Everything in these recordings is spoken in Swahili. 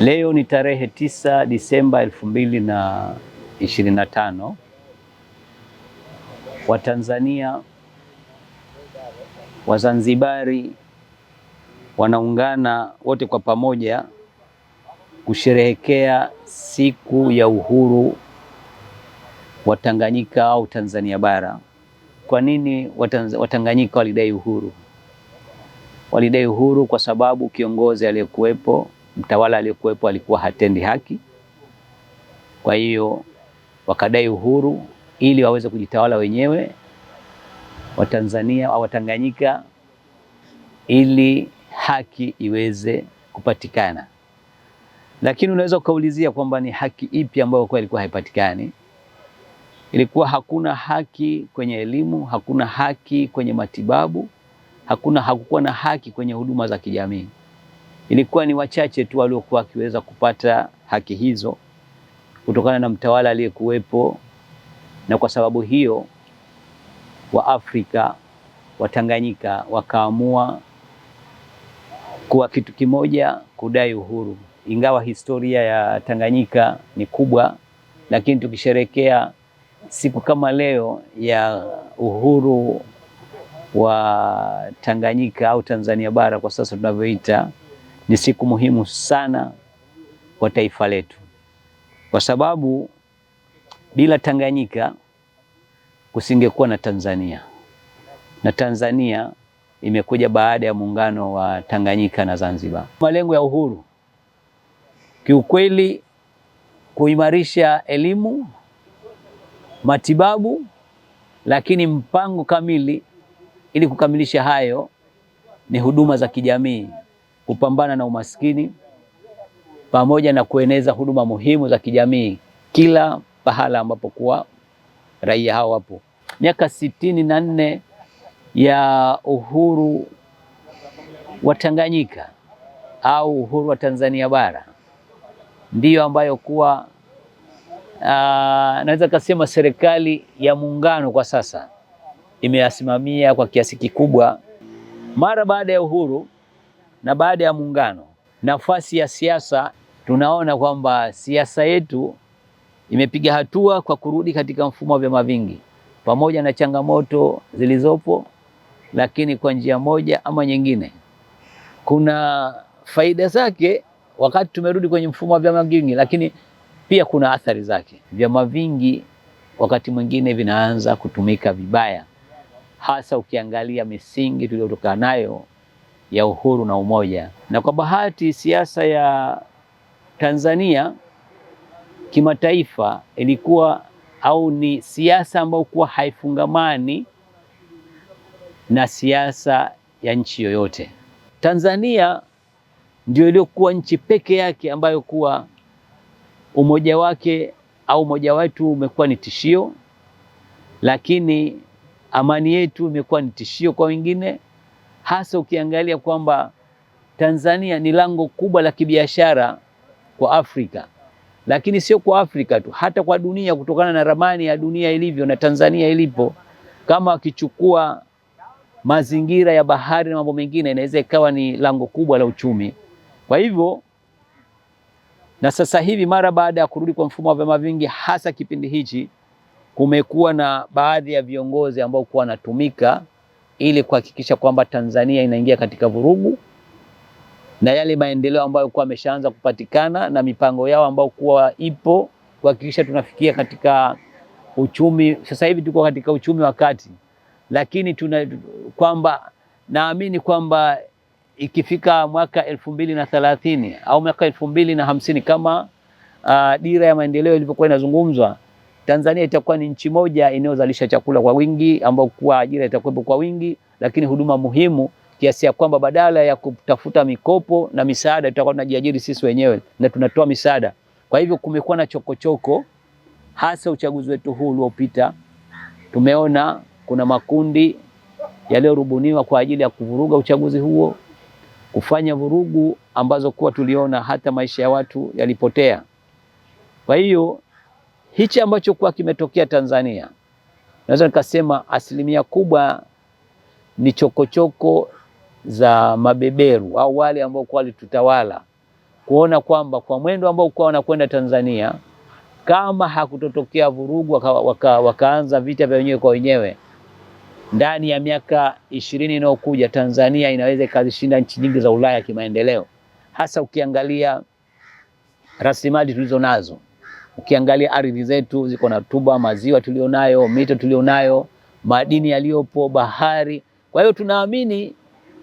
Leo ni tarehe tisa Disemba elfu mbili na ishirini na tano. Watanzania Wazanzibari wanaungana wote kwa pamoja kusherehekea siku ya uhuru wa Tanganyika au Tanzania bara. Kwa nini Watanganyika walidai uhuru? Walidai uhuru kwa sababu kiongozi aliyekuwepo mtawala aliyekuwepo alikuwa hatendi haki. Kwa hiyo wakadai uhuru ili waweze kujitawala wenyewe Watanzania au Watanganyika ili haki iweze kupatikana. Lakini unaweza ukaulizia kwamba ni haki ipi ambayo kwa ilikuwa haipatikani? Ilikuwa hakuna haki kwenye elimu, hakuna haki kwenye matibabu, hakuna hakukuwa na haki kwenye huduma za kijamii. Ilikuwa ni wachache tu waliokuwa wakiweza kupata haki hizo kutokana na mtawala aliyekuwepo, na kwa sababu hiyo Waafrika Watanganyika wakaamua kuwa kitu kimoja, kudai uhuru. Ingawa historia ya Tanganyika ni kubwa, lakini tukisherekea siku kama leo ya uhuru wa Tanganyika au Tanzania bara kwa sasa tunavyoita ni siku muhimu sana kwa taifa letu, kwa sababu bila Tanganyika kusingekuwa na Tanzania, na Tanzania imekuja baada ya muungano wa Tanganyika na Zanzibar. Malengo ya uhuru kiukweli, kuimarisha elimu, matibabu, lakini mpango kamili ili kukamilisha hayo ni huduma za kijamii kupambana na umaskini pamoja na kueneza huduma muhimu za kijamii kila pahala ambapo kuwa raia hao wapo. Miaka sitini na nne ya uhuru wa Tanganyika au uhuru wa Tanzania bara ndiyo ambayo kuwa uh, naweza kusema serikali ya muungano kwa sasa imeyasimamia kwa kiasi kikubwa. Mara baada ya uhuru na baada ya muungano, nafasi ya siasa, tunaona kwamba siasa yetu imepiga hatua kwa kurudi katika mfumo wa vyama vingi, pamoja na changamoto zilizopo, lakini kwa njia moja ama nyingine kuna faida zake wakati tumerudi kwenye mfumo wa vyama vingi, lakini pia kuna athari zake. Vyama vingi wakati mwingine vinaanza kutumika vibaya, hasa ukiangalia misingi tuliyotoka nayo ya uhuru na umoja. Na kwa bahati, siasa ya Tanzania kimataifa ilikuwa au ni siasa ambayo kuwa haifungamani na siasa ya nchi yoyote. Tanzania ndio iliyokuwa nchi peke yake ambayo kuwa umoja wake au umoja wetu umekuwa ni tishio, lakini amani yetu imekuwa ni tishio kwa wengine hasa ukiangalia kwamba Tanzania ni lango kubwa la kibiashara kwa Afrika, lakini sio kwa Afrika tu, hata kwa dunia, kutokana na ramani ya dunia ilivyo na Tanzania ilipo. Kama wakichukua mazingira ya bahari na mambo mengine, inaweza ikawa ni lango kubwa la uchumi. Kwa hivyo na sasa hivi mara baada ya kurudi kwa mfumo wa vyama vingi, hasa kipindi hichi, kumekuwa na baadhi ya viongozi ambao kuwa wanatumika ili kuhakikisha kwamba Tanzania inaingia katika vurugu na yale maendeleo ambayo kuwa ameshaanza kupatikana na mipango yao ambayo kuwa ipo kuhakikisha tunafikia katika uchumi. Sasa hivi tuko katika uchumi wa kati, lakini tuna kwamba naamini kwamba ikifika mwaka elfu mbili na thelathini au mwaka elfu mbili na hamsini kama uh, dira ya maendeleo ilivyokuwa inazungumzwa Tanzania itakuwa ni nchi moja inayozalisha chakula kwa wingi, ambao kwa ajira itakuwepo kwa wingi, lakini huduma muhimu kiasi ya kwamba badala ya kutafuta mikopo na misaada tutakuwa tunajiajiri sisi wenyewe na tunatoa misaada. Kwa hivyo kumekuwa na chokochoko hasa uchaguzi wetu huu uliopita tumeona kuna makundi yaliyorubuniwa kwa ajili ya kuvuruga uchaguzi huo, kufanya vurugu ambazo kuwa tuliona hata maisha ya watu yalipotea. Kwa hiyo hichi ambacho kwa kimetokea Tanzania, naweza nikasema asilimia kubwa ni chokochoko -choko za mabeberu au wale ambao kwa walitutawala kuona kwamba kwa mwendo ambao kwa wanakwenda Tanzania, kama hakutotokea vurugu waka, waka, wakaanza vita vya wenyewe kwa wenyewe, ndani ya miaka ishirini inayokuja Tanzania inaweza ikazishinda nchi nyingi za Ulaya kimaendeleo, hasa ukiangalia rasilimali tulizo nazo. Ukiangalia ardhi zetu ziko na rutuba, maziwa tulionayo, mito tulionayo, madini yaliyopo, bahari. Kwa hiyo tunaamini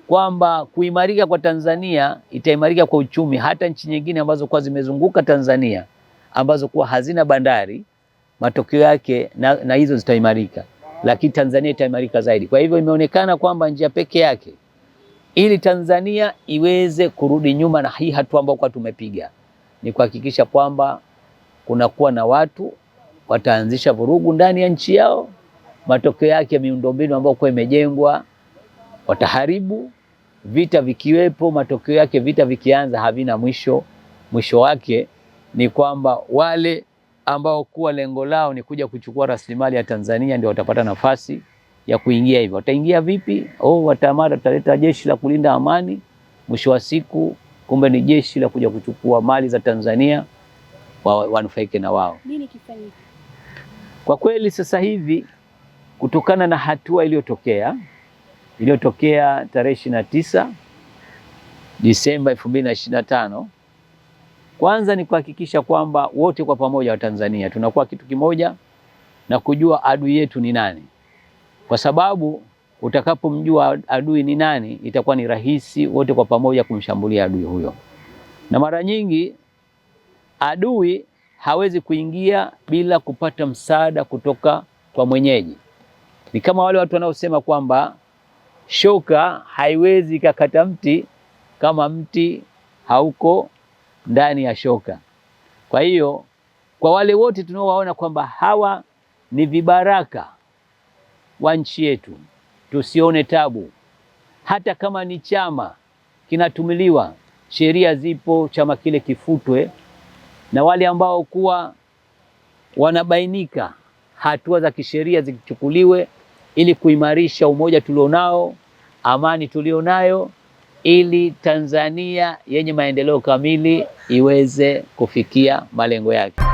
kwamba kuimarika kwa Tanzania itaimarika kwa uchumi. Hata nchi nyingine ambazo kwa zimezunguka Tanzania ambazo kuwa hazina bandari, matokeo yake na, na hizo zitaimarika, lakini Tanzania itaimarika zaidi. Kwa hivyo imeonekana kwamba njia peke yake ili Tanzania iweze kurudi nyuma na hii hatua ambayo kwa tumepiga ni kuhakikisha kwamba kunakuwa na watu wataanzisha vurugu ndani ya nchi yao. Matokeo yake miundombinu ambayo kwa imejengwa wataharibu. Vita vikiwepo, matokeo yake vita vikianza havina mwisho. Mwisho wake ni kwamba wale ambao kuwa lengo lao ni kuja kuchukua rasilimali ya Tanzania ndio watapata nafasi ya kuingia. Hivyo wataingia vipi? Oh, watamara taleta jeshi la kulinda amani, mwisho wa siku kumbe ni jeshi la kuja kuchukua mali za Tanzania wanufaike na wao. Nini kifanyike? Kwa kweli sasa hivi kutokana na hatua iliyotokea iliyotokea tarehe ishirini na tisa Disemba elfu mbili na ishirini na tano kwanza ni kuhakikisha kwamba wote kwa pamoja Watanzania tunakuwa kitu kimoja na kujua adui yetu ni nani, kwa sababu utakapomjua adui ni nani itakuwa ni rahisi wote kwa pamoja kumshambulia adui huyo, na mara nyingi adui hawezi kuingia bila kupata msaada kutoka kwa mwenyeji. Ni kama wale watu wanaosema kwamba shoka haiwezi ikakata mti kama mti hauko ndani ya shoka. Kwa hiyo kwa wale wote tunaowaona kwamba hawa ni vibaraka wa nchi yetu, tusione tabu. Hata kama ni chama kinatumiliwa, sheria zipo, chama kile kifutwe na wale ambao kuwa wanabainika, hatua za kisheria zichukuliwe ili kuimarisha umoja tulionao, amani tulionayo, ili Tanzania yenye maendeleo kamili iweze kufikia malengo yake.